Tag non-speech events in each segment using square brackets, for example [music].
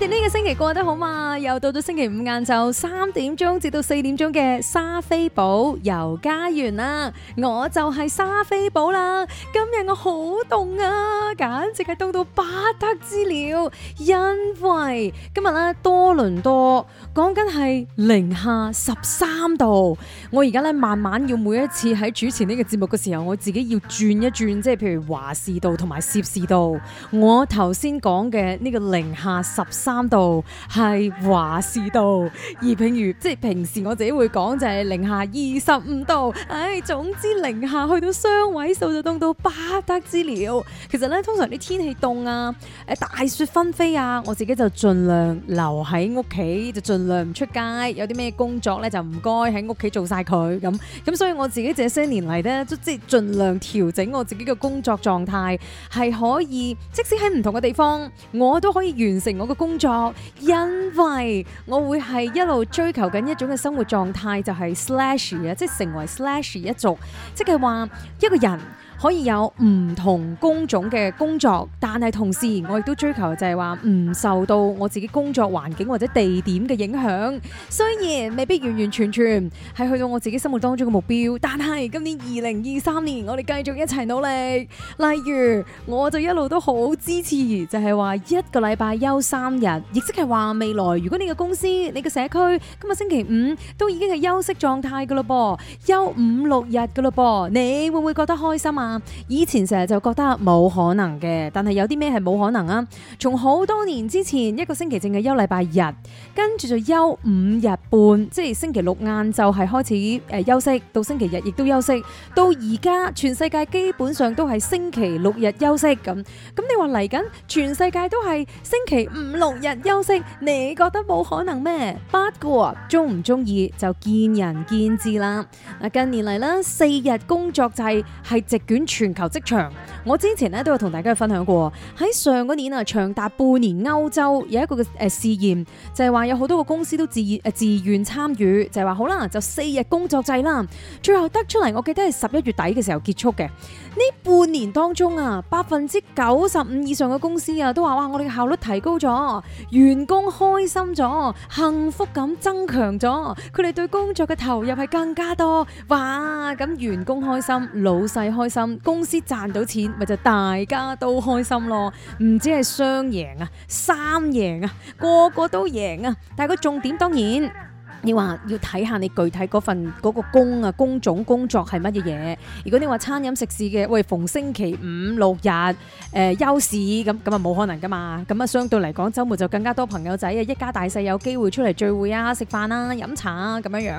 你哋呢個星期過得好嘛？又到咗星期五晏晝三點鐘至到四點鐘嘅莎菲寶遊加園啦！我就係莎菲寶啦！今日我好凍啊，簡直係凍到不得之了！因為今日咧多倫多講緊係零下十三度，我而家咧慢慢要每一次喺主持呢個節目嘅時候，我自己要轉一轉，即係譬如華氏度同埋攝氏度。我頭先講嘅呢個零下十三度係華氏度，而譬如，即係平時我自己會講就係零下二十五度，唉，總之零下去到雙位數就凍到不得之了。其實咧，通常啲天氣凍啊，誒大雪紛飛啊，我自己就盡量留喺屋企，就盡量唔出街。有啲咩工作咧就唔該喺屋企做晒佢咁。咁所以我自己這些年嚟咧，都即係盡量調整我自己嘅工作狀態，係可以即使喺唔同嘅地方，我都可以完成我嘅工作。作，因為我會係一路追求緊一種嘅生活狀態，就係 slash 啊，即係成為 slash 一族，即係話一個人。可以有唔同工種嘅工作，但係同時我亦都追求就係話唔受到我自己工作環境或者地點嘅影響。雖然未必完完全全係去到我自己心目當中嘅目標，但係今年二零二三年我哋繼續一齊努力。例如，我就一路都好支持，就係話一個禮拜休三日，亦即係話未來如果你嘅公司、你嘅社區今日星期五都已經係休息狀態噶啦噃，休五六日噶啦噃，你會唔會覺得開心啊？以前成日就覺得冇可能嘅，但係有啲咩係冇可能啊？從好多年之前一個星期淨係休禮拜日，跟住就休五日半，即係星期六晏晝係開始誒，休息，到星期日亦都休息。到而家全世界基本上都係星期六日休息咁，咁你話嚟緊全世界都係星期五六日休息，你覺得冇可能咩？不過啊，中唔中意就見仁見智啦。啊，近年嚟啦，四日工作制係席捲全球職場，我之前咧，都有同大家分享過，喺上個年啊，長達半年歐洲有一個嘅誒試驗，就係話有好多個公司都自願、呃、自願參與，就係話好啦，就四日工作制啦。最後得出嚟，我記得係十一月底嘅時候結束嘅。呢半年當中啊，百分之九十五以上嘅公司啊，都話哇，我哋嘅效率提高咗，員工開心咗，幸福感增強咗，佢哋對工作嘅投入係更加多。哇，咁員工開心，老細開心。公司賺到錢，咪就大家都開心咯，唔止係雙贏啊，三贏啊，個個都贏啊，但係個重點當然。你話要睇下你具體嗰份嗰、嗰個工啊，工種工作係乜嘢？如果你話餐飲食肆嘅，喂，逢星期五六日誒、呃、休市，咁咁啊冇可能噶嘛？咁啊相對嚟講，周末就更加多朋友仔啊，一家大細有機會出嚟聚會食飯啊，食飯啊，飲茶啊，咁樣樣。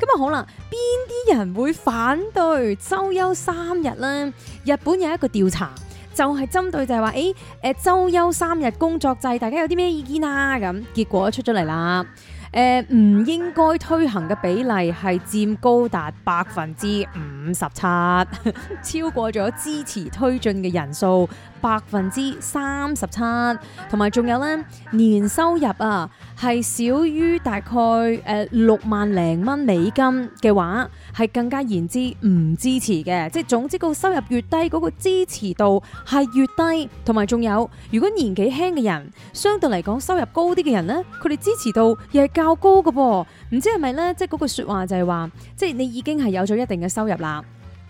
咁啊好啦，邊啲人會反對周休三日呢？日本有一個調查，就係、係、針對就係話，誒、欸、誒，周休三日工作制，大家有啲咩意見啊？咁結果出咗嚟啦。誒、呃、唔應該推行嘅比例係佔高達百分之五十七，超過咗支持推進嘅人數。百分之三十七，同埋仲有呢，年收入啊係少於大概誒、呃、六萬零蚊美金嘅話，係更加言之唔支持嘅。即係總之個收入越低，嗰個支持度係越低。同埋仲有，如果年紀輕嘅人，相對嚟講，收入高啲嘅人呢，佢哋支持度又係較高嘅噃。唔知係咪呢？即係嗰句說話就係話，即係你已經係有咗一定嘅收入啦。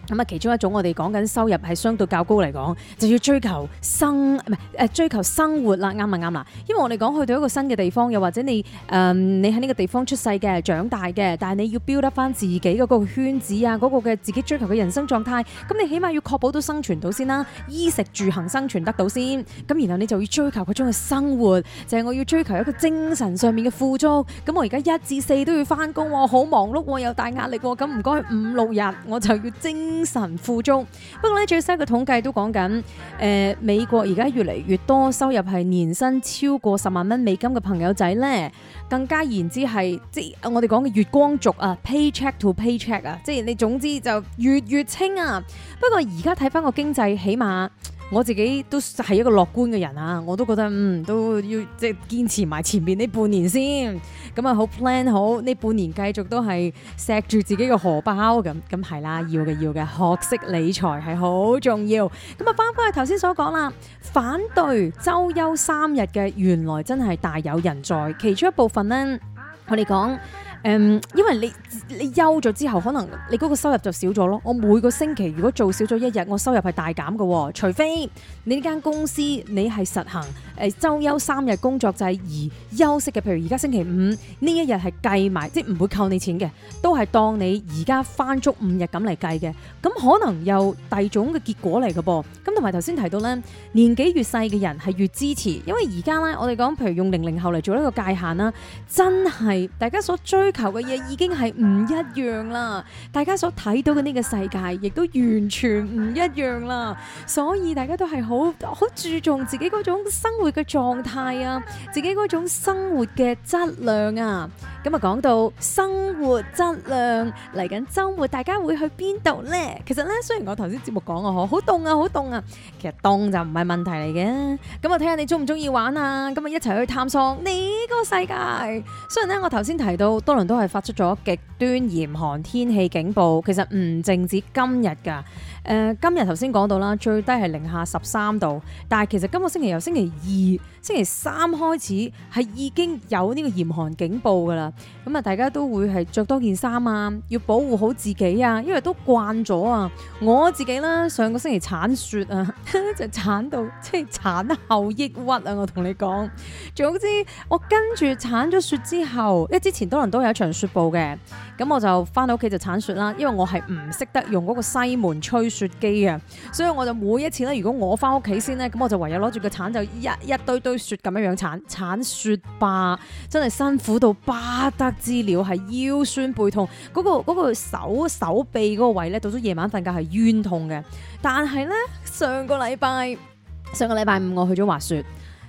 咁啊，其中一種我哋講緊收入係相對較高嚟講，就要追求生唔係誒追求生活啦，啱啊啱啦。因為我哋講去到一個新嘅地方，又或者你誒、呃、你喺呢個地方出世嘅、長大嘅，但係你要 build up 翻自己嗰個圈子啊，嗰、嗰個嘅自己追求嘅人生狀態，咁你起碼要確保到生存到先啦，衣食住行生存得到先，咁然後你就要追求嗰種嘅生活，就係、是、我要追求一個精神上面嘅富足。咁我而家一至四都要翻工、啊，好忙碌、啊，又大壓力、啊，咁唔該五六日我就要精精神富足，不過咧最新嘅統計都講緊，誒、呃，美國而家越嚟越多收入係年薪超過十萬蚊美金嘅朋友仔咧，更加言之係，即係我哋講嘅月光族啊，pay check to pay check 啊，paycheck paycheck，即係你總之就月月清啊。不過而家睇翻個經濟，起碼。我自己都係一個樂觀嘅人啊！我都覺得嗯，都要即堅持埋前面呢半年先，咁啊好 plan 好呢半年繼續都係錫住自己嘅荷包，咁，咁係啦，要嘅要嘅，學識理財係好重要。咁啊翻返去頭先所講啦，反對周休三日嘅原來真係大有人在，其中一部分呢，我哋講。誒、um,，因為你你休咗之後可能你嗰個收入就少咗咯。我每個星期如果做少咗一日，我收入係大減嘅。除非你呢間公司你係實行，誒周休三日工作制而休息嘅，譬如而家星期五呢一日係計埋，即係唔會扣你錢嘅，都係當你而家翻足五日咁嚟計嘅。咁可能又第二種嘅結果嚟嘅噃。咁同埋頭先提到咧，年紀越細嘅人係越支持，因為而家咧我哋講譬如用零零後嚟做一個界限啦，真係大家所追求嘅嘢已經係唔一樣啦，大家所睇到嘅呢個世界亦都完全唔一樣啦，所以大家都係好好注重自己嗰種生活嘅狀態啊，自己嗰種生活嘅質量啊。咁啊講到生活質量，嚟緊週末大家會去邊度呢？其實呢，雖然我頭先節目講啊，好，好凍啊，好凍啊，其實凍就唔係問題嚟嘅。咁啊，睇下你中唔中意玩啊？咁啊，一齊去探索你個世界。雖然呢，我頭先提到多倫。都係發出咗極端嚴寒天氣警報，其實唔淨止今日噶。誒、呃、今日頭先講到啦，最低係零下十三度，但係其實今個星期由星期二、星期三開始係已經有呢個嚴寒警報㗎啦。咁啊，大家都會係着多件衫啊，要保護好自己啊，因為都慣咗啊。我自己啦，上個星期鏟雪啊，就鏟到即係鏟後抑鬱啊，我同你講。總之，我跟住鏟咗雪之後，因為之前多倫多有一場雪暴嘅。咁我就翻到屋企就鏟雪啦，因為我係唔識得用嗰個西門吹雪機啊，所以我就每一次咧，如果我翻屋企先咧，咁我就唯有攞住個鏟就一一堆堆雪咁樣樣鏟鏟雪吧，真係辛苦到不得之了，係腰酸背痛，嗰、嗰個嗰個手手臂嗰個位咧，到咗夜晚瞓覺係冤痛嘅。但係咧，上個禮拜上個禮拜五我去咗滑雪，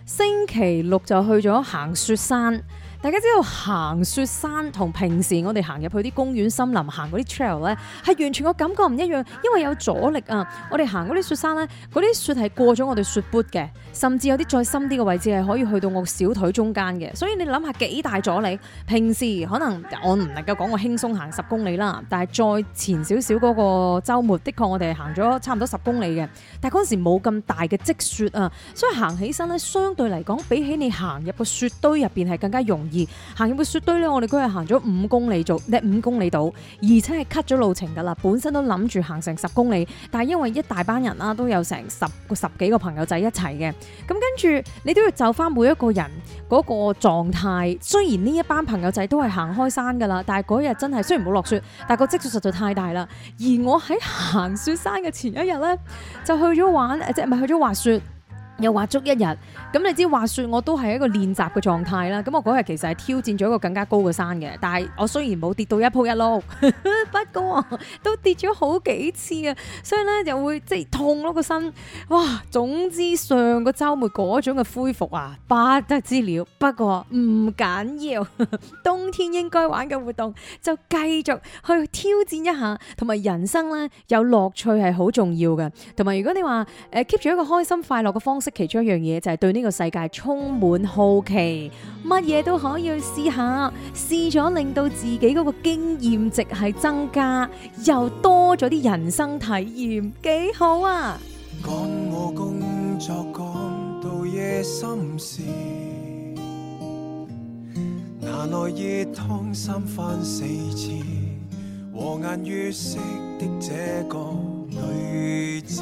星期六就去咗行雪山。大家知道行雪山同平時我哋行入去啲公園森林行嗰啲 trail 咧，係完全個感覺唔一樣，因為有阻力啊！我哋行嗰啲雪山咧，嗰啲雪係過咗我哋雪 boot 嘅。甚至有啲再深啲嘅位置係可以去到我小腿中間嘅，所以你諗下幾大阻力，平時可能我唔能夠講，我輕鬆行十公里啦，但係再前少少嗰個周末，的確，我哋行咗差唔多十公里嘅。但係嗰陣時冇咁大嘅積雪啊，所以行起身咧，相對嚟講比起你行入個雪堆入邊，係更加容易。行入個雪堆咧，我哋嗰日行咗五公里到，五公里到，而且係 cut 咗路程噶啦。本身都諗住行成十公里，但係因為一大班人啦，都有成十個十幾個朋友仔一齊嘅。咁跟住，你都要就翻每一個人嗰個狀態。雖然呢一班朋友仔都係行開山噶啦，但係嗰日真係雖然冇落雪，但係個積雪實在太大啦。而我喺行雪山嘅前一日咧，就去咗玩，即係唔係去咗滑雪？又滑足一日，咁你知滑雪我都係一個練習嘅狀態啦。咁我嗰日其實係挑戰咗一個更加高嘅山嘅，但係我雖然冇跌到一鋪一碌， [laughs] 不過都跌咗好幾次啊。所以咧就會即係痛咯個身。哇，總之上個周末嗰種嘅恢復啊，不得之了。不過唔緊要， [laughs] 冬天應該玩嘅活動就繼續去挑戰一下，同埋人生咧有樂趣係好重要嘅。同埋如果你話誒 keep 住一個開心快樂嘅方式。其中一樣嘢就係對呢個世界充滿好奇，乜嘢都可以去試下，試咗令到自己嗰個經驗值係增加，又多咗啲人生體驗，幾好啊！講我工作，講到夜深時，拿嚟熱湯三番四次，和顏悅色的這個女子，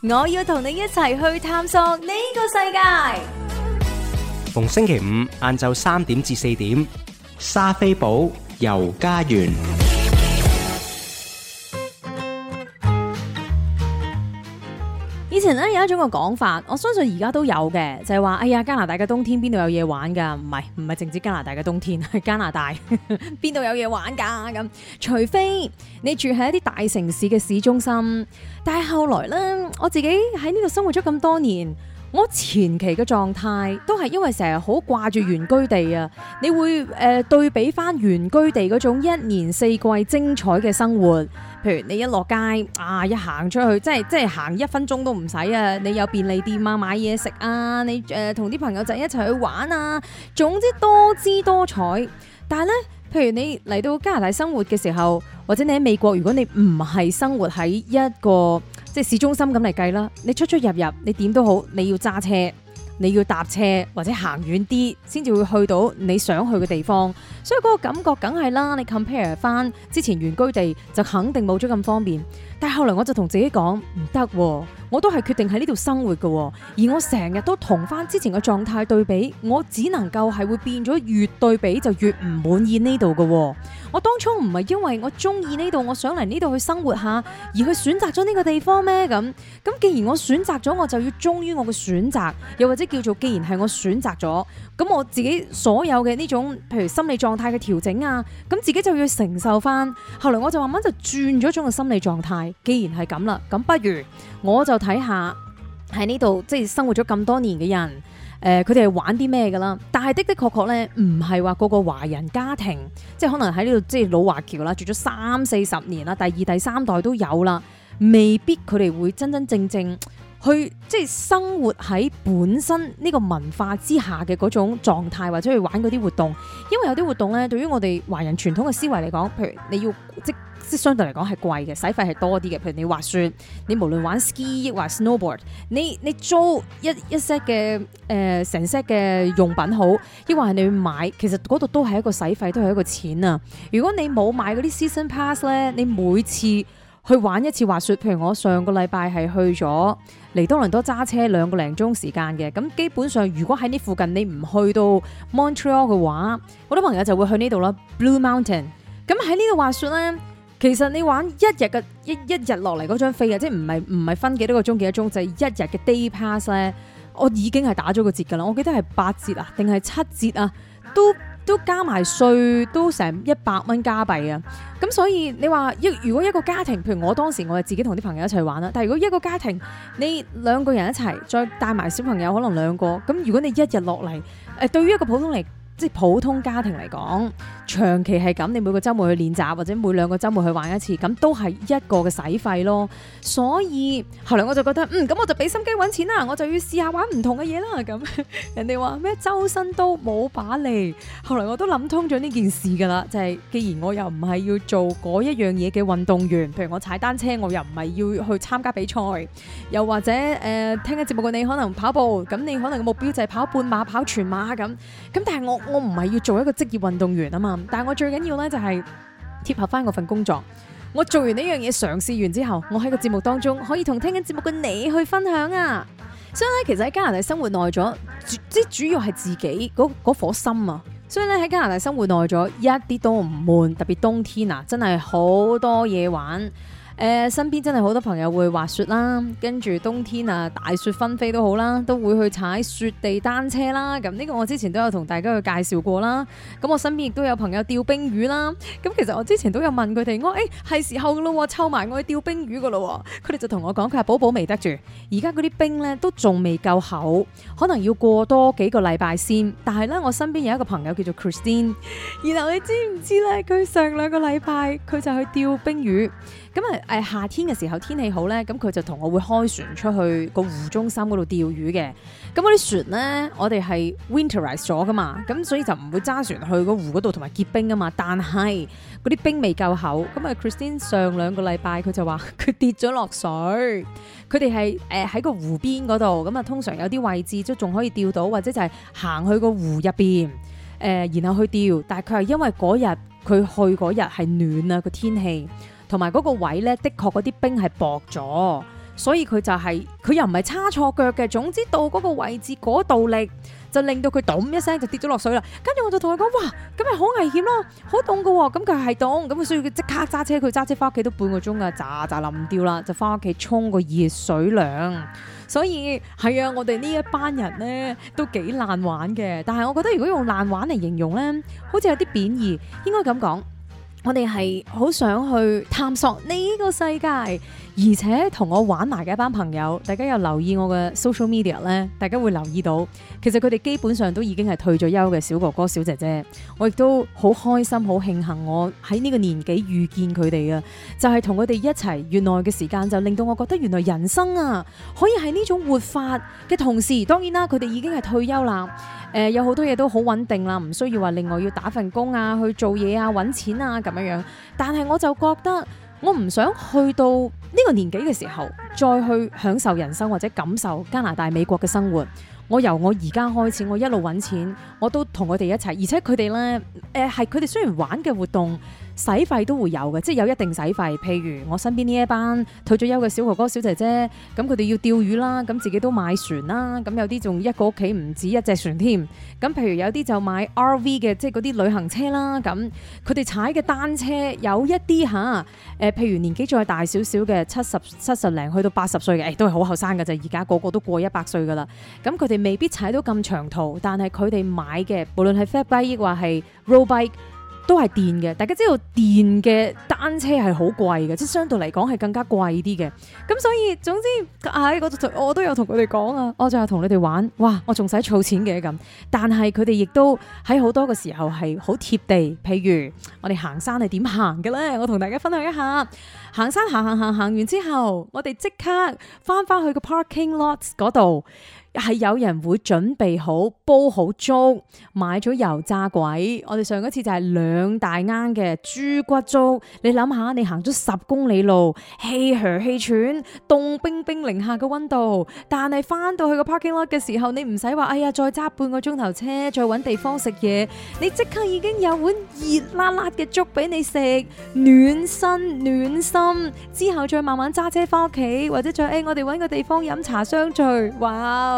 我要同你一齊去探索呢個世界。逢星期五晏晝三點至四點，莎菲寶遊加園。咧有一種講法，我相信而家都有嘅，就係話：哎呀，加拿大嘅冬天邊度有嘢玩㗎？唔係唔係淨止加拿大嘅冬天，係加拿大邊度有嘢玩㗎？咁除非你住喺一啲大城市嘅市中心。但係後來呢，我自己喺呢度生活咗咁多年。我前期嘅狀態都係因為成日好掛住原居地啊！你會誒、呃、對比返原居地嗰種一年四季精彩嘅生活，譬如你一落街啊，一行出去，即係即係行一分鐘都唔使啊！你有便利店啊，買嘢食啊，你誒同啲朋友仔一齊去玩啊，總之多姿多彩。但係呢，譬如你嚟到加拿大生活嘅時候，或者你喺美國，如果你唔係生活喺一個，即市中心咁嚟計啦，你出出入入，你點都好，你要揸車，你要搭車或者行遠啲，先至會去到你想去嘅地方，所以嗰個感覺梗係啦。你 compare 翻之前原居地，就肯定冇咗咁方便。但後來我就同自己講唔得，我都係決定喺呢度生活嘅，而我成日都同翻之前嘅狀態對比，我只能夠係會變咗，越對比就越唔滿意呢度嘅。我當初唔係因為我中意呢度，我想嚟呢度去生活下，而去選擇咗呢個地方咩？咁咁既然我選擇咗，我就要忠於我嘅選擇，又或者叫做既然係我選擇咗。咁我自己所有嘅呢種，譬如心理狀態嘅調整啊，咁自己就要承受返。後來我就慢慢就轉咗一種嘅心理狀態。既然係咁啦，咁不如我就睇下喺呢度即係生活咗咁多年嘅人，誒、呃，佢哋係玩啲咩㗎啦？但係的的確確咧，唔係話嗰個華人家庭，即係可能喺呢度即係老華僑啦，住咗三四十年啦，第二第三代都有啦，未必佢哋會真真正正。去即係生活喺本身呢個文化之下嘅嗰種狀態，或者去玩嗰啲活動。因為有啲活動咧，對於我哋華人傳統嘅思維嚟講，譬如你要即即相對嚟講係貴嘅，使費係多啲嘅。譬如你滑雪，你無論玩 ski 抑或 snowboard，你你租一一 set 嘅誒成 set 嘅用品好，抑或係你去買，其實嗰度都係一個使費，都係一個錢啊！如果你冇買嗰啲 season pass 咧，你每次去玩一次滑雪，譬如我上個禮拜係去咗嚟多倫多揸車兩個零鐘時間嘅，咁基本上如果喺呢附近你唔去到 Montreal 嘅話，好多朋友就會去呢度啦，Blue Mountain。咁喺呢度滑雪咧，其實你玩一日嘅一一日落嚟嗰張飛啊，即係唔係唔係分幾多個鐘幾多鐘，就係一日嘅 day pass 咧，我已經係打咗個折噶啦，我記得係八折啊，定係七折啊，都。都加埋稅都成一百蚊加幣啊！咁所以你話一如果一個家庭，譬如我當時我係自己同啲朋友一齊玩啦。但係如果一個家庭，你兩個人一齊再帶埋小朋友，可能兩個咁，如果你一日落嚟，誒，對於一個普通嚟，即係普通家庭嚟講。長期係咁，你每個週末去練習，或者每兩個週末去玩一次，咁都係一個嘅使費咯。所以後來我就覺得，嗯，咁我就俾心機揾錢啦，我就要試下玩唔同嘅嘢啦。咁人哋話咩？什麼周身都冇把利。後來我都諗通咗呢件事㗎啦，就係、是、既然我又唔係要做嗰一樣嘢嘅運動員，譬如我踩單車，我又唔係要去參加比賽，又或者誒、呃、聽緊節目嘅你可能跑步，咁你可能嘅目標就係跑半馬、跑全馬咁。咁但係我我唔係要做一個職業運動員啊嘛。但係我最緊要咧就係貼合翻我份工作，我做完呢樣嘢嘗試完之後，我喺個節目當中可以同聽緊節目嘅你去分享啊！所以咧，其實喺加拿大生活耐咗，即主要係自己嗰顆心啊！所以咧喺加拿大生活耐咗，一啲都唔悶，特別冬天啊，真係好多嘢玩。誒、呃，身邊真係好多朋友會滑雪啦，跟住冬天啊大雪紛飛都好啦，都會去踩雪地單車啦。咁呢個我之前都有同大家去介紹過啦。咁我身邊亦都有朋友釣冰魚啦。咁其實我之前都有問佢哋，我誒係、欸、時候噶咯，湊埋我去釣冰魚噶咯。佢哋就同我講，佢話寶寶未得住，而家嗰啲冰咧都仲未夠厚，可能要過多幾個禮拜先。但係咧，我身邊有一個朋友叫做 Christine，然後你知唔知咧？佢上兩個禮拜佢就去釣冰魚。咁啊！誒，夏天嘅時候天氣好咧，咁佢就同我會開船出去個湖中心嗰度釣魚嘅。咁嗰啲船咧，我哋係 winterized 咗噶嘛，咁所以就唔會揸船去個湖嗰度同埋結冰啊嘛。但係嗰啲冰未夠厚，咁啊，Christine 上兩個禮拜佢就話佢跌咗落水。佢哋係誒喺個湖邊嗰度，咁啊通常有啲位置都仲可以釣到，或者就係行去個湖入邊誒，然後去釣。但係佢係因為嗰日佢去嗰日係暖啊個天氣。同埋嗰個位咧，的確嗰啲冰係薄咗，所以佢就係、是、佢又唔係叉錯腳嘅。總之到嗰個位置嗰度、那個、力就令到佢咚一聲就跌咗落水啦。跟住我就同佢講：哇，咁咪好危險咯，好凍㗎喎。咁佢係凍，咁所以佢即刻揸車，佢揸車翻屋企都半個鐘啊，咋咋冧掉啦，就翻屋企沖個熱水涼。所以係啊，我哋呢一班人咧都幾爛玩嘅。但係我覺得如果用爛玩嚟形容咧，好似有啲貶義，應該咁講。我哋係好想去探索呢個世界。而且同我玩埋嘅一班朋友，大家有留意我嘅 social media 咧？大家會留意到，其實佢哋基本上都已經係退咗休嘅小哥哥、小姐姐。我亦都好開心、好慶幸我喺呢個年紀遇見佢哋啊！就係同佢哋一齊，原來嘅時間就令到我覺得，原來人生啊，可以係呢種活法嘅同時，當然啦，佢哋已經係退休啦。誒、呃，有好多嘢都好穩定啦，唔需要話另外要打份工啊，去做嘢啊，搵錢啊咁樣樣。但係我就覺得。我唔想去到呢個年紀嘅時候，再去享受人生或者感受加拿大、美國嘅生活。我由我而家開始，我一路搵錢，我都同佢哋一齊，而且佢哋呢，誒，係佢哋雖然玩嘅活動，洗費都會有嘅，即係有一定洗費。譬如我身邊呢一班退咗休嘅小哥哥、小姐姐，咁佢哋要釣魚啦，咁自己都買船啦，咁有啲仲一個屋企唔止一隻船添。咁譬如有啲就買 RV 嘅，即係嗰啲旅行車啦。咁佢哋踩嘅單車，有一啲吓，誒，譬如年紀再大少少嘅，七十七十零去到八十歲嘅，哎，都係好後生嘅啫。而家個個都過一百歲噶啦。咁佢哋未必踩到咁長途，但係佢哋買嘅，無論係 fat bike 亦話係 road bike。都係電嘅，大家知道電嘅單車係好貴嘅，即相對嚟講係更加貴啲嘅。咁所以總之唉，我，我都有同佢哋講啊，我仲係同你哋玩，哇！我仲使儲錢嘅，咁，但係佢哋亦都喺好多個時候係好貼地。譬如我哋行山係點行嘅咧？我同大家分享一下。行山行行行，行完之後，我哋即刻翻翻去個 parking lots 嗰度。係有人會準備好煲好粥，買咗油炸鬼。我哋上嗰次就係兩大罌嘅豬骨粥。你諗下，你行咗十公里路，氣噓氣喘，凍冰冰零下嘅溫度，但係翻到去個 parking lot 嘅時候，你唔使話，哎呀，再揸半個鐘頭車，再搵地方食嘢，你即刻已經有碗熱辣辣嘅粥俾你食，暖身暖心。之後再慢慢揸車翻屋企，或者再，誒、哎，我哋搵個地方飲茶相聚。哇！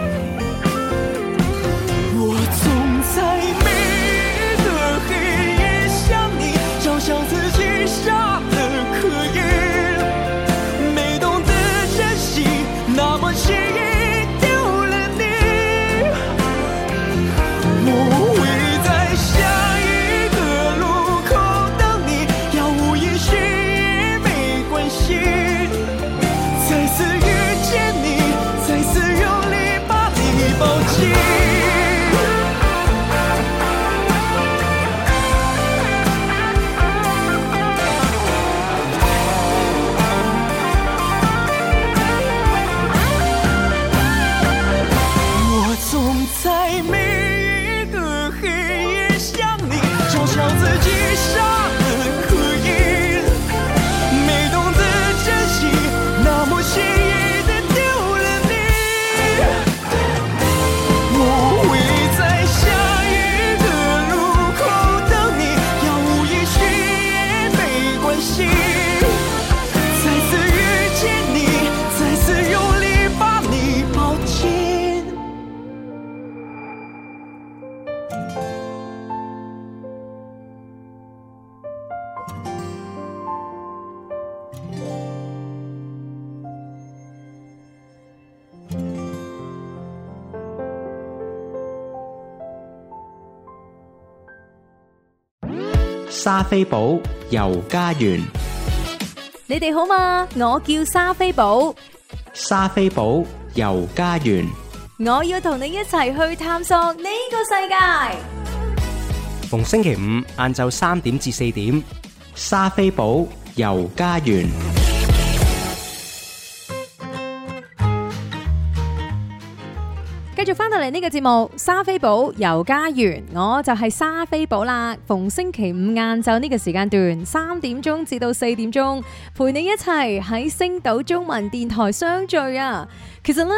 莎菲寶遊加園，你哋好嘛？我叫莎菲寶，莎菲寶遊加園，我要同你一齊去探索呢個世界。逢星期五晏晝三點至四點，莎菲寶遊加園。繼續翻到嚟呢個節目，莎菲寶遊加園，我就係莎菲寶啦。逢星期五晏晝呢個時間段，三點鐘至到四點鐘，陪你一齊喺星島中文電台相聚啊！其實呢，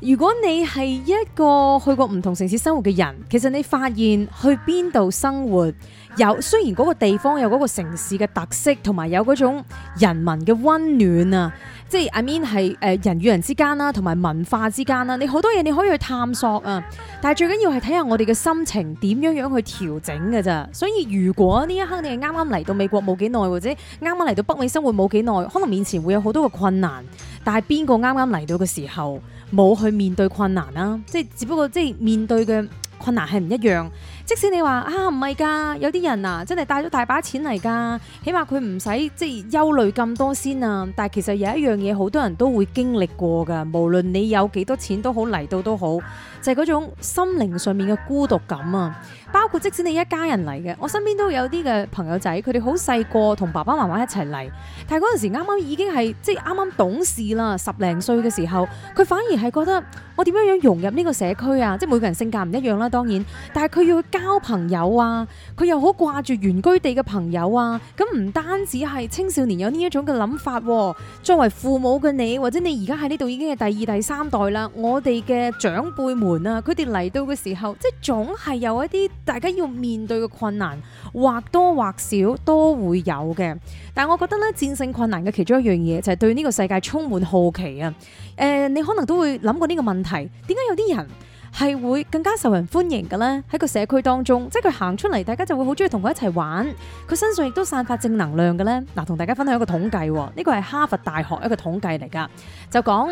如果你係一個去過唔同城市生活嘅人，其實你發現去邊度生活有，雖然嗰個地方有嗰個城市嘅特色，同埋有嗰種人民嘅溫暖啊！即係阿 Min 係誒人與人之間啦，同埋文化之間啦，你好多嘢你可以去探索啊！但係最緊要係睇下我哋嘅心情點樣樣去調整嘅咋。所以如果呢一刻你係啱啱嚟到美國冇幾耐，或者啱啱嚟到北美生活冇幾耐，可能面前會有好多嘅困難。但係邊個啱啱嚟到嘅時候冇去面對困難啦？即係只不過即係面對嘅困難係唔一樣。即使你話啊唔係㗎，有啲人啊真係帶咗大把錢嚟㗎，起碼佢唔使即係憂慮咁多先啊。但係其實有一樣嘢，好多人都會經歷過㗎，無論你有幾多錢都好，嚟到都好。就係、是、嗰種心靈上面嘅孤獨感啊！包括即使你一家人嚟嘅，我身邊都有啲嘅朋友仔，佢哋好細個同爸爸媽媽一齊嚟，但係嗰陣時啱啱已經係即係啱啱懂事啦，十零歲嘅時候，佢反而係覺得我點樣樣融入呢個社區啊！即係每個人性格唔一樣啦，啊，當然，但係佢要去交朋友啊，佢又好掛住原居地嘅朋友啊，咁唔單止係青少年有呢一種嘅諗法，啊，作為父母嘅你或者你而家喺呢度已經係第二第三代啦，我哋嘅長輩。門啦，佢哋嚟到嘅時候，即係總係有一啲大家要面對嘅困難，或多或少都會有嘅。但係我覺得咧，戰勝困難嘅其中一樣嘢就係、是、對呢個世界充滿好奇啊！誒、呃，你可能都會諗過呢個問題，點解有啲人係會更加受人歡迎嘅呢？喺個社區當中，即係佢行出嚟，大家就會好中意同佢一齊玩，佢身上亦都散發正能量嘅呢。嗱，同大家分享一個統計，呢個係哈佛大學一個統計嚟噶，就講。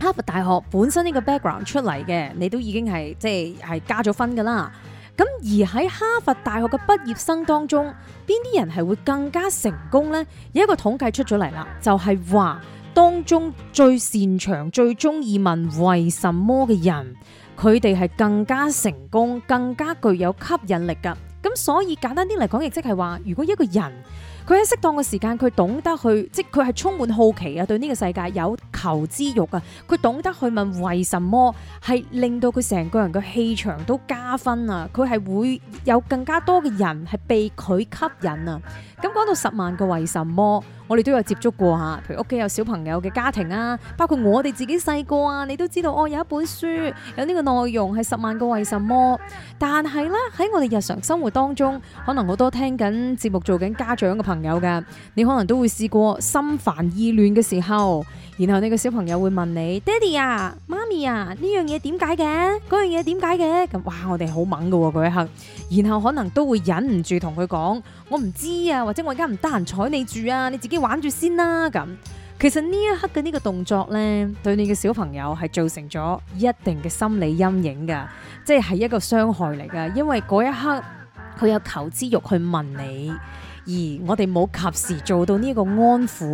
哈佛大學本身呢個 background 出嚟嘅，你都已經係即係係加咗分噶啦。咁而喺哈佛大學嘅畢業生當中，邊啲人係會更加成功呢？有一個統計出咗嚟啦，就係、係、話當中最擅長、最中意問為什麼嘅人，佢哋係更加成功、更加具有吸引力噶。咁所以簡單啲嚟講，亦即係話，如果一個人，佢喺適當嘅時間，佢懂得去，即佢係充滿好奇啊！對呢個世界有求知慾啊！佢懂得去問為什麼，係令到佢成個人嘅氣場都加分啊！佢係會有更加多嘅人係被佢吸引啊！咁講到十萬個為什麼，我哋都有接觸過嚇，譬如屋企有小朋友嘅家庭啊，包括我哋自己細個啊，你都知道哦，有一本書有呢個內容係十萬個為什麼。但係咧喺我哋日常生活當中，可能好多聽緊節目做緊家長嘅朋友㗎。你可能都會試過心煩意亂嘅時候，然後呢個小朋友會問你：爹哋啊，媽咪啊，呢樣嘢點解嘅？嗰樣嘢點解嘅？咁哇，我哋好猛㗎喎，嗰一刻，然後可能都會忍唔住同佢講：我唔知啊。或者我而家唔得閒睬你住啊，你自己玩住先啦，咁。其實呢一刻嘅呢個動作咧，對你嘅小朋友係造成咗一定嘅心理陰影噶，即係一個傷害嚟噶。因為嗰一刻佢有求知欲去問你。而我哋冇及時做到呢個安撫，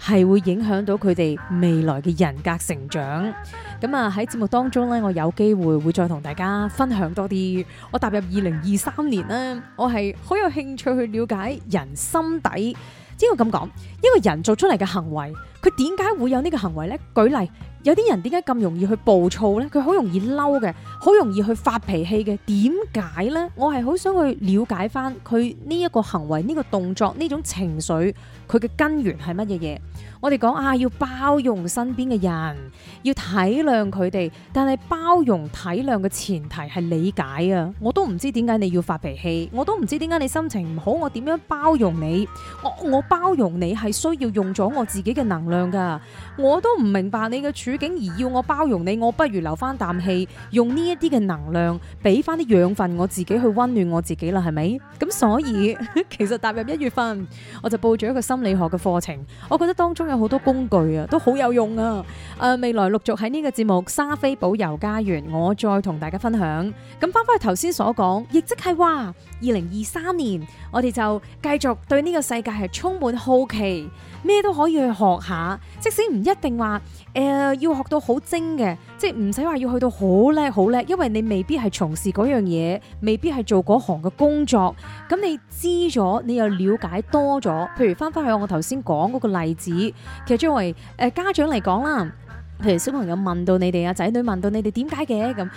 係會影響到佢哋未來嘅人格成長。咁啊喺節目當中呢，我有機會會再同大家分享多啲。我踏入二零二三年呢，我係好有興趣去了解人心底。點解咁講？一個人做出嚟嘅行為，佢點解會有呢個行為呢？舉例。有啲人點解咁容易去暴躁呢？佢好容易嬲嘅，好容易去發脾氣嘅，點解呢？我係好想去了解翻佢呢一個行為、呢個動作、呢種情緒佢嘅根源係乜嘢嘢？我哋講啊，要包容身邊嘅人，要體諒佢哋。但係包容體諒嘅前提係理解啊！我都唔知點解你要發脾氣，我都唔知點解你心情唔好，我點樣包容你？我我包容你係需要用咗我自己嘅能量㗎，我都唔明白你嘅處境而要我包容你，我不如留翻啖氣，用呢一啲嘅能量俾翻啲養分我自己去溫暖我自己啦，係咪？咁所以其實踏入一月份，我就報咗一個心理學嘅課程，我覺得當中。好多工具啊，都好有用啊！誒，未來陸續喺呢個節目《莎菲寶遊加園》，我再同大家分享。咁翻翻去頭先所講，亦即係話，二零二三年，我哋就繼續對呢個世界係充滿好奇，咩都可以去學下，即使唔一定話誒、呃、要學到好精嘅。即係唔使話要去到好叻好叻，因為你未必係從事嗰樣嘢，未必係做嗰行嘅工作。咁你知咗，你又了解多咗。譬如翻翻去我頭先講嗰個例子，其實作為誒、呃、家長嚟講啦，譬如小朋友問到你哋啊仔女問到你哋點解嘅。咁，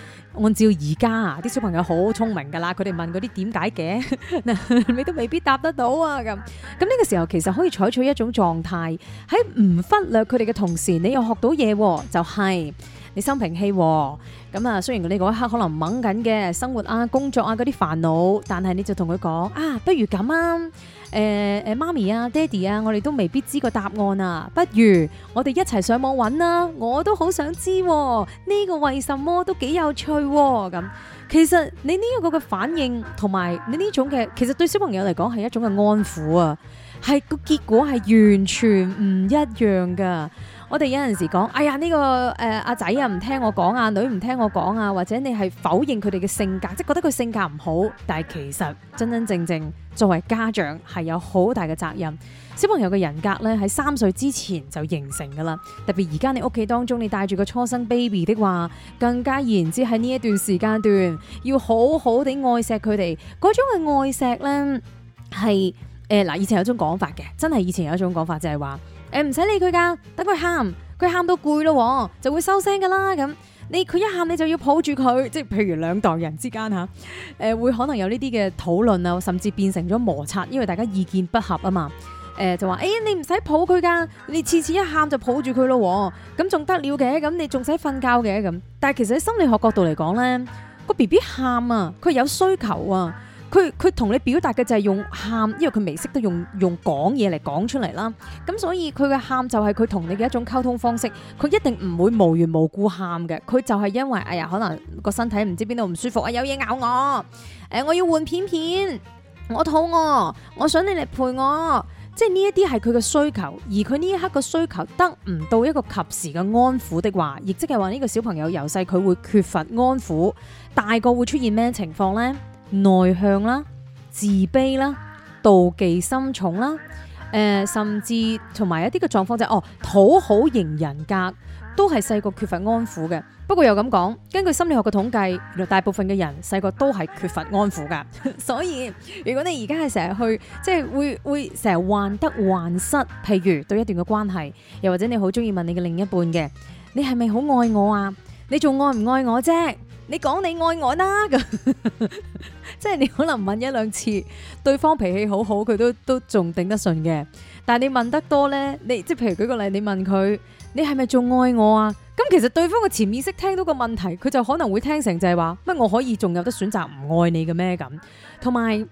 按照而家啊啲小朋友好聰明噶啦，佢哋問嗰啲點解嘅，你 [laughs] 都未必答得到啊咁。咁呢個時候其實可以採取一種狀態，喺唔忽略佢哋嘅同時，你又學到嘢，就係、係。你心平氣和咁啊！雖然你嗰一刻可能掹緊嘅生活啊、工作啊嗰啲煩惱，但係你就同佢講啊，不如咁啊！誒、呃、媽咪啊、爹哋啊，我哋都未必知個答案啊！不如我哋一齊上網揾啦！我都好想知呢、啊呢個為什麼都幾有趣咁、啊。其實你呢一個嘅反應同埋你呢種嘅，其實對小朋友嚟講係一種嘅安撫啊，係個結果係完全唔一樣噶。我哋有陣時講，哎呀，呢個誒阿仔啊唔聽我講，阿女唔聽我講啊，或者你係否認佢哋嘅性格，即覺得佢性格唔好，但係其實真真正正作為家長係有好大嘅責任。小朋友嘅人格咧喺三歲之前就形成噶啦，特別而家你屋企當中你帶住個初生 baby 的話，更加然之喺呢一段時間段要好好地愛錫佢哋。嗰種嘅愛錫咧係誒，嗱，以前有一種講法嘅，真係以前有一種講法就係話。誒、欸，唔使理佢噶，等佢喊，佢喊到攰咯，就會收聲噶啦。咁你佢一喊，你就要抱住佢，即係譬如兩代人之間吓，誒、欸，會可能有呢啲嘅討論啊，甚至變成咗摩擦，因為大家意見不合啊嘛。誒、欸，就話，誒你唔使抱佢噶，你次次一喊就抱住佢咯，咁仲得了嘅，咁你仲使瞓覺嘅咁？但係其實喺心理學角度嚟講咧，個 B B 喊啊，佢有需求啊。佢佢同你表達嘅就係用喊，因為佢未識得用用講嘢嚟講出嚟啦。咁所以佢嘅喊就係佢同你嘅一種溝通方式。佢一定唔會無緣無故喊嘅，佢就係因為哎呀，可能個身體唔知邊度唔舒服啊，哎，有嘢咬我，誒、哎，我要換片片，我肚餓，我想你嚟陪我。即係呢一啲係佢嘅需求，而佢呢一刻嘅需求得唔到一個及時嘅安撫的話，亦即係話呢個小朋友由細佢會缺乏安撫，大個會出現咩情況呢？內向啦、自卑啦、妒忌心重啦，誒、呃，甚至同埋一啲嘅狀況就係、哦，討好型人格都係細個缺乏安撫嘅。不過又咁講，根據心理學嘅統計，原來大部分嘅人細個都係缺乏安撫噶。 [laughs] 所以如果你而家係成日去，即係會會成日患得患失，譬如對一段嘅關係，又或者你好中意問你嘅另一半嘅，你係咪好愛我啊？你仲愛唔愛我啫？你講你愛我啦咁。 [laughs] 即係你可能問一兩次，對方脾氣好好，佢都都仲頂得順嘅。但係你問得多呢，你即係譬如舉個例，你問佢，你係咪仲愛我啊？咁其實對方嘅潛意識聽到個問題，佢就可能會聽成就係話，乜我可以仲有得選擇唔愛你嘅咩咁？同埋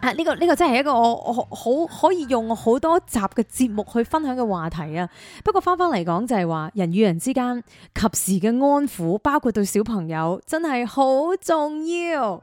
啊，呢個呢個真係一個我我好可以用好多集嘅節目去分享嘅話題啊。不過翻翻嚟講，就係話人與人之間及時嘅安撫，包括對小朋友，真係好重要。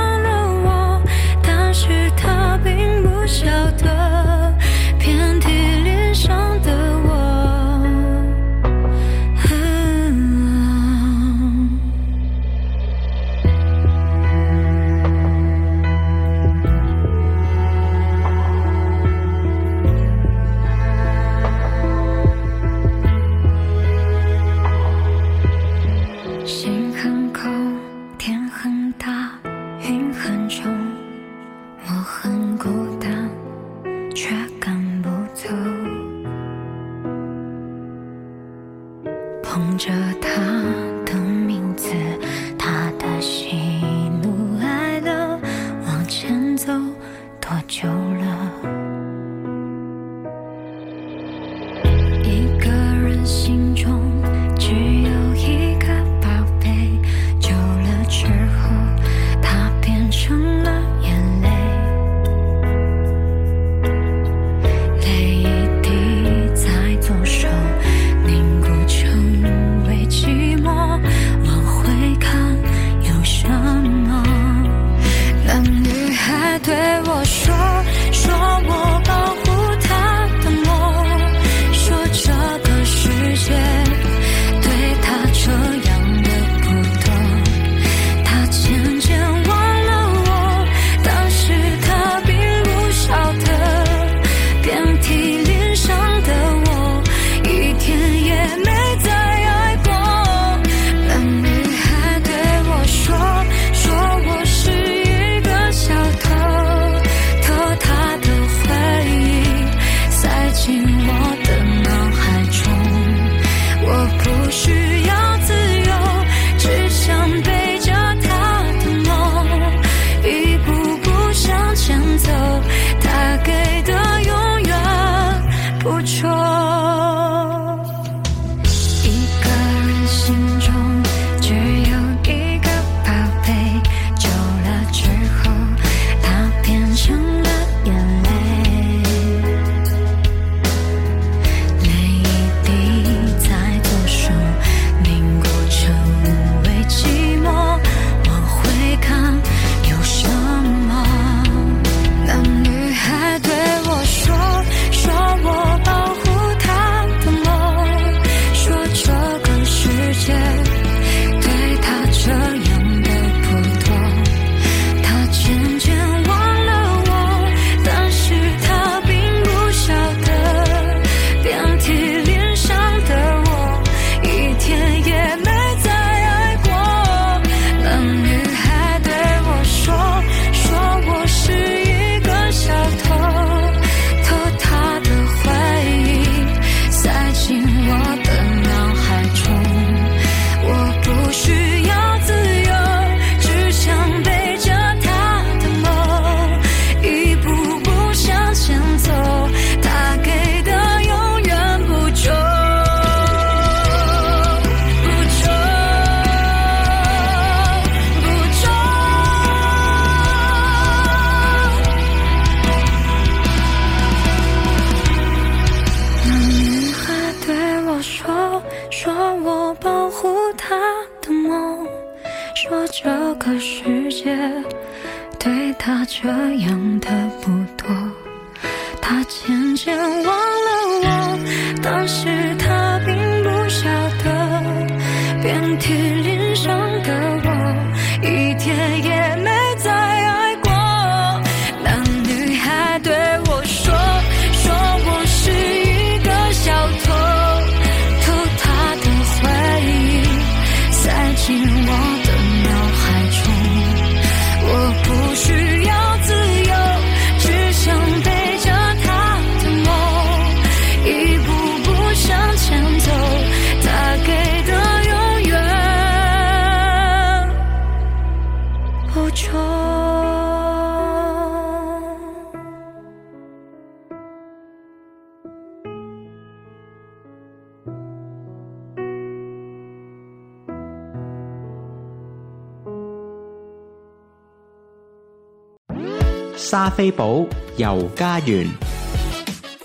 莎菲寶遊加園，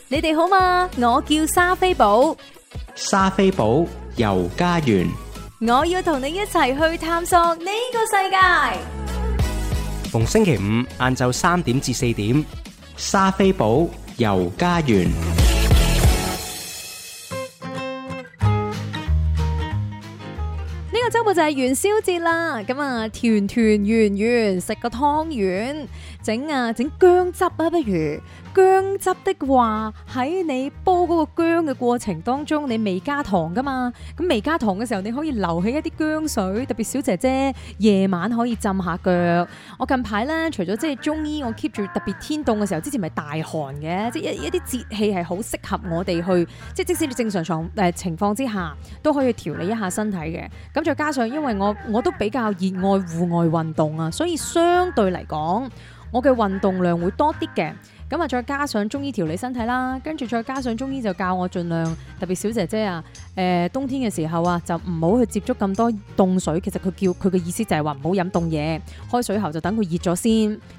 你哋好嘛？我叫莎菲寶。莎菲寶遊加園，我要同你一齊去探索呢個世界。逢星期五晏晝三點至四點，莎菲寶遊加園。呢個周末就係元宵節啦！咁啊，團團圓圓，食個湯圓。整啊整薑汁啊，不如薑汁的話喺你煲嗰個薑嘅過程當中，你未加糖，噶嘛？咁未加糖嘅時候，你可以留起一啲薑水，特別小姐姐夜晚可以浸下腳。我近排咧，除咗即係中醫，我 keep 住特別天凍嘅時候，之前咪大寒嘅，即係一啲節氣係好適合我哋去，即係即使你正常床誒情況之下，都可以調理一下身體嘅。咁再加上，因為我我都比較熱愛戶外運動啊，所以相對嚟講。我嘅運動量會多啲嘅，咁啊再加上中醫調理身體啦，跟住再加上中醫就教我盡量特別小姐姐啊，誒、呃、冬天嘅時候啊就唔好去接觸咁多凍水。其實佢叫佢嘅意思就係話唔好飲凍嘢，開水喉就等佢熱咗先。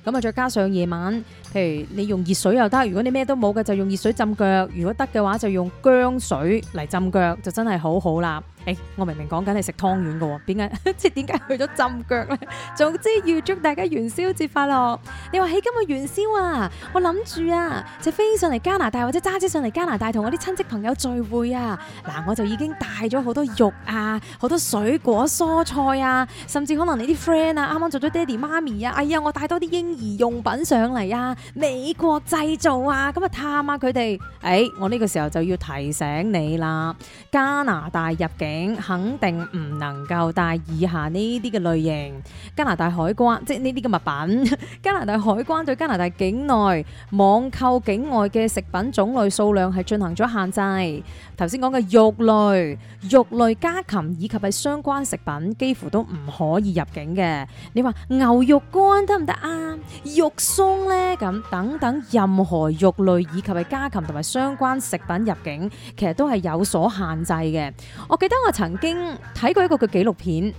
咁啊再加上夜晚，譬如你用熱水又得，如果你咩都冇嘅就用熱水浸腳，如果得嘅話就用姜水嚟浸腳，就真係好好啦。誒、欸，我明明講緊你食湯圓嘅，點解即係點解去咗浸腳咧？總之預祝大家元宵節快樂。你話喺今日元宵啊，我諗住啊，就飛上嚟加拿大或者揸車上嚟加拿大同我啲親戚朋友聚會啊。嗱，我就已經帶咗好多肉啊，好多水果蔬菜啊，甚至可能你啲 friend 啊，啱啱做咗爹哋媽咪啊，哎呀，我帶多啲嬰兒用品上嚟啊，美國製造啊，咁啊，探下佢哋。誒，我呢個時候就要提醒你啦，加拿大入境。肯定唔能夠帶以下呢啲嘅類型，加拿大海關即係呢啲嘅物品。加拿大海關對加拿大境內網購境外嘅食品種類數量係進行咗限制。頭先講嘅肉類、肉類家禽以及係相關食品，幾乎都唔可以入境嘅。你話牛肉乾得唔得啊？肉鬆呢？咁等等，任何肉類以及係家禽同埋相關食品入境，其實都係有所限制嘅。我記得我曾經睇過一個嘅紀錄片。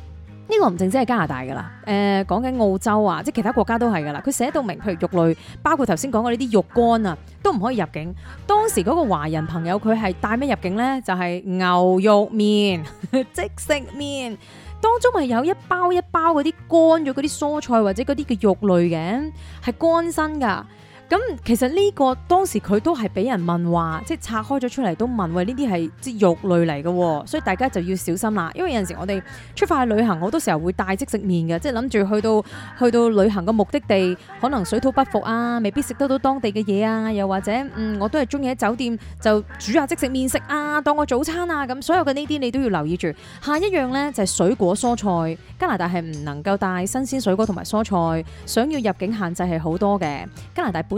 呢、這個唔淨止係加拿大噶啦，誒講緊澳洲啊，即係其他國家都係噶啦。佢寫到明，譬如肉類，包括頭先講過呢啲肉乾啊，都唔可以入境。當時嗰個華人朋友佢係帶咩入境呢？就係、是、牛肉麵、即食麵，當中係有一包一包嗰啲乾咗嗰啲蔬菜或者嗰啲嘅肉類嘅，係乾身㗎。咁其實呢個當時佢都係俾人問話，即係拆開咗出嚟都問，喂，呢啲係啲肉類嚟嘅，所以大家就要小心啦。因為有陣時我哋出發去旅行，好多時候會帶即食麪嘅，即係諗住去到去到旅行嘅目的地，可能水土不服啊，未必食得到當地嘅嘢啊。又或者嗯，我都係中意喺酒店就煮下即食麪食啊，當我早餐啊咁。所有嘅呢啲你都要留意住。下一樣呢，就係水果蔬菜，加拿大係唔能夠帶新鮮水果同埋蔬菜，想要入境限制係好多嘅。加拿大本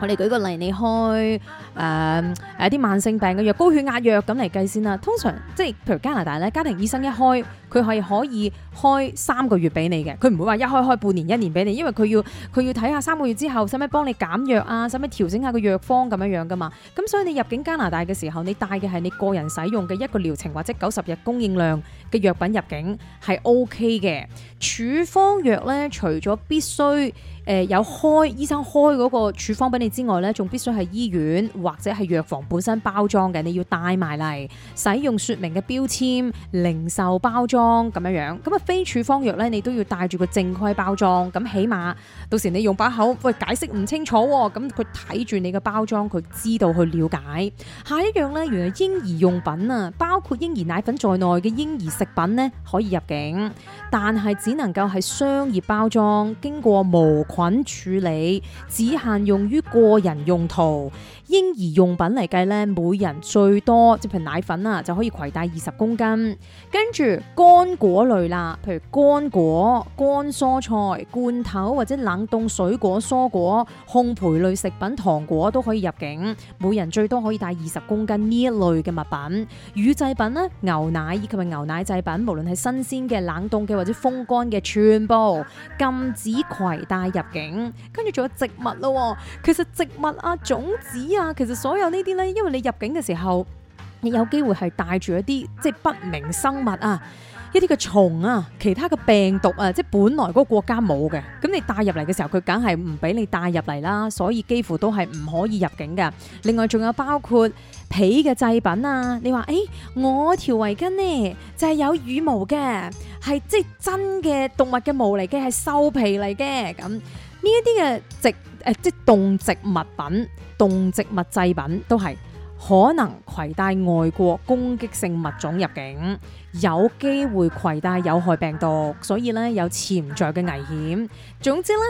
我哋舉個例，你開誒一啲慢性病嘅藥，高血壓藥咁嚟計先啦。通常即係譬如加拿大咧，家庭醫生一開。佢係可以開三個月俾你嘅，佢唔會話一開開半年一年俾你，因為佢要佢要睇下三個月之後使唔使幫你減藥啊，使唔使調整下個藥方咁樣樣噶嘛。咁所以你入境加拿大嘅時候，你帶嘅係你個人使用嘅一個療程或者九十日供應量嘅藥品入境係 O K 嘅。處方藥咧，除咗必須誒、呃、有開醫生開嗰個處方俾你之外咧，仲必須係醫院或者係藥房本身包裝嘅，你要帶埋嚟，使用說明嘅標籤、零售包裝。咁樣樣，咁啊非處方藥咧，你都要帶住個正規包裝，咁起碼到時你用把口，喂解釋唔清楚，咁佢睇住你嘅包裝，佢知道去了解。下一樣呢，原來嬰兒用品啊，包括嬰兒奶粉在內嘅嬰兒食品呢，可以入境，但係只能夠係商業包裝，經過無菌處理，只限用於個人用途。嬰兒用品嚟計呢，每人最多，即係奶粉啊，就可以攜帶二十公斤。跟住乾果類啦，譬如乾果、乾蔬菜、罐頭或者冷凍水果、蔬果、烘焙類食品、糖果都可以入境，每人最多可以帶二十公斤呢一類嘅物品。乳製品咧，牛奶以及咪牛奶製品，無論係新鮮嘅、冷凍嘅或者風乾嘅，全部禁止攜帶入境。跟住仲有植物咯，其實植物啊、種子啊。其實所有呢啲呢，因為你入境嘅時候，你有機會係帶住一啲即係不明生物啊，一啲嘅蟲啊，其他嘅病毒啊，即係本來嗰個國家冇嘅，咁你帶入嚟嘅時候，佢梗係唔俾你帶入嚟啦，所以幾乎都係唔可以入境嘅。另外仲有包括皮嘅製品啊，你話誒、欸，我條圍巾呢，就係、是、有羽毛嘅，係即係真嘅動物嘅毛嚟嘅，係獸皮嚟嘅咁。呢一啲嘅植，誒、呃，即動植物品、動植物製品都是，都係可能攜帶外國攻擊性物種入境，有機會攜帶有害病毒，所以咧有潛在嘅危險。總之咧。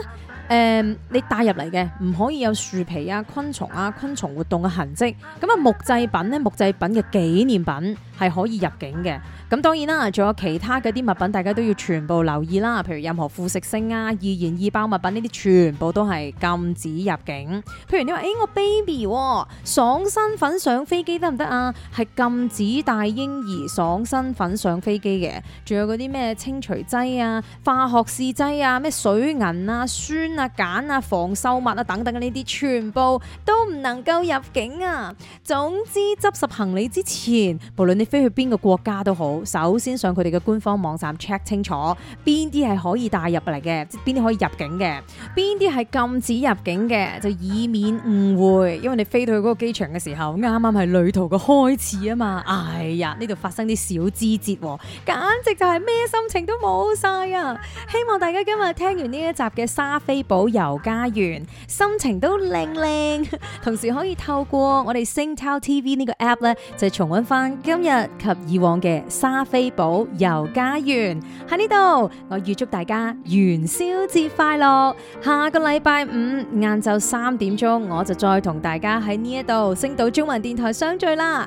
誒、嗯，你帶入嚟嘅，唔可以有樹皮啊、昆蟲啊、昆蟲活動嘅痕迹。咁啊，木製品呢？木製品嘅紀念品係可以入境嘅。咁當然啦，仲有其他嗰啲物品，大家都要全部留意啦。譬如任何腐蝕性啊、易燃易爆物品呢啲，全部都係禁止入境。譬如你話誒、欸，我 baby 啊，爽身粉上飛機得唔得啊？係禁止帶嬰兒爽身粉上飛機嘅。仲有嗰啲咩清除劑啊、化學試劑啊、咩水銀啊、酸啊。啊！鹼啊、防銹物啊等等呢啲，全部都唔能夠入境啊！總之執拾行李之前，無論你飛去邊個國家都好，首先上佢哋嘅官方網站 check 清楚，邊啲係可以帶入嚟，嘅即邊啲可以入境嘅，邊啲係禁止入境嘅，就以免誤會。因為你飛到去嗰個機場嘅時候，啱啱係旅途嘅開始啊嘛！哎呀，呢度發生啲小枝節，簡直就係咩心情都冇晒，啊希望大家今日聽完呢一集嘅莎菲。寶遊加園，心情都靚靚，同時可以透過我哋星島 TV 呢個 app 咧，就重溫翻今日及以往嘅莎菲寶遊加園。喺呢度，我預祝大家元宵節快樂！下個禮拜五晏晝三點鐘，我就再同大家喺呢一度星島中文電台相聚啦。